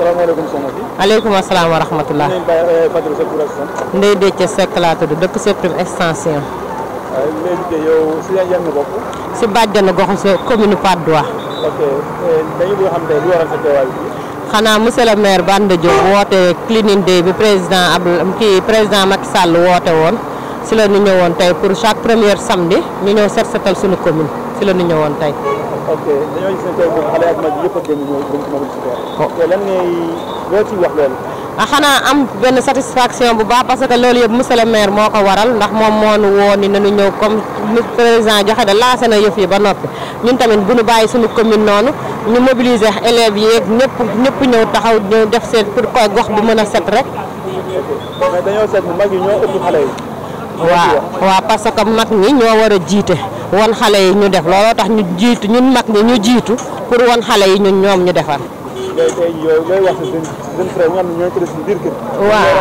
salaamaaleykum soxna si. maaleykum salaam wa rahmatulah. Ndeye eh, laa tudd dëkk septième extension. léegi ah, de yow commune Patte d'Oie. Eh, xanaa monsieur le maire Banda woote cleaning day bi président ab kii président Macky woote woon. si la ñu ñëwoon tey pour chaque première samedi ñu ñëw set setal suñu commune si la ñu ñëwoon tey. ñëw dañ te oh. ah, xanaa am benn satisfaction bu baax parce que loolu yëpp monsieur le maire moo ko waral ndax moom moo nu woo ni nañu ñëw comme ni joxe de lancé na yëf yi ba noppi ñun tamit bu nu bàyyi suñu commune noonu ñu mobiliser élèves yi ak ñëpp ñëpp ñëw taxaw ñu def seen pour koy gox bu mën a set rek. mais mag yi waaw waaw parce que mag ñi ñoo war a jiite won xale yi ñu def looloo tax ñu jiitu ñun mag ñi ñu jiitu pour won xale yi ñun ñoom ñu defar. waaw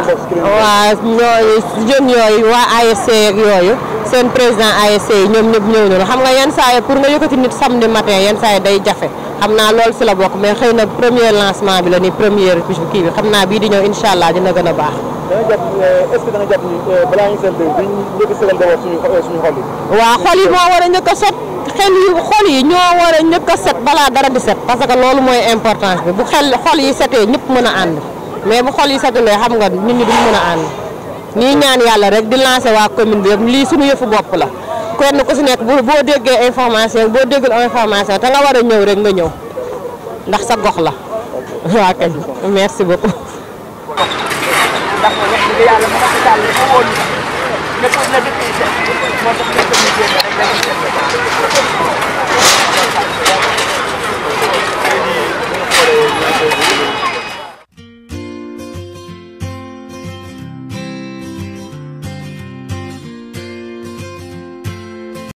waaw ñooyu jeunes yooyu waa ASC yooyu seen président ASC yi ñoom ñëpp ñëw ñëw xam nga yenn saa yi pour nga yëkkati nit samedi matin yenn saa yi day jafe. xam naa lool si la bokk mais xëy na premier lancement bi la ni première kii bi xam naa bii di ñëw incha allah dina gën a baax. dana euh, euh, a segal d'abord euh, suñu xol yi. waaw xol yi moo war a njëkk a set xel yi xol yi ñoo war a njëkk a set balaa dara di set parce que loolu mooy importance bi bu xel xol yi setee ñëpp mën a ànd mais bu xol yi setulee xam nga nit ñi duñ mën a ànd ñii ñaan yàlla rek di lancer waa commune bi lii suñu yëfu bopp la. kenn ku si nekk boo déggee information boo déggul information te nga war a ñëw rek nga ñëw ndax sa gox la waa kañ merci beaucoup.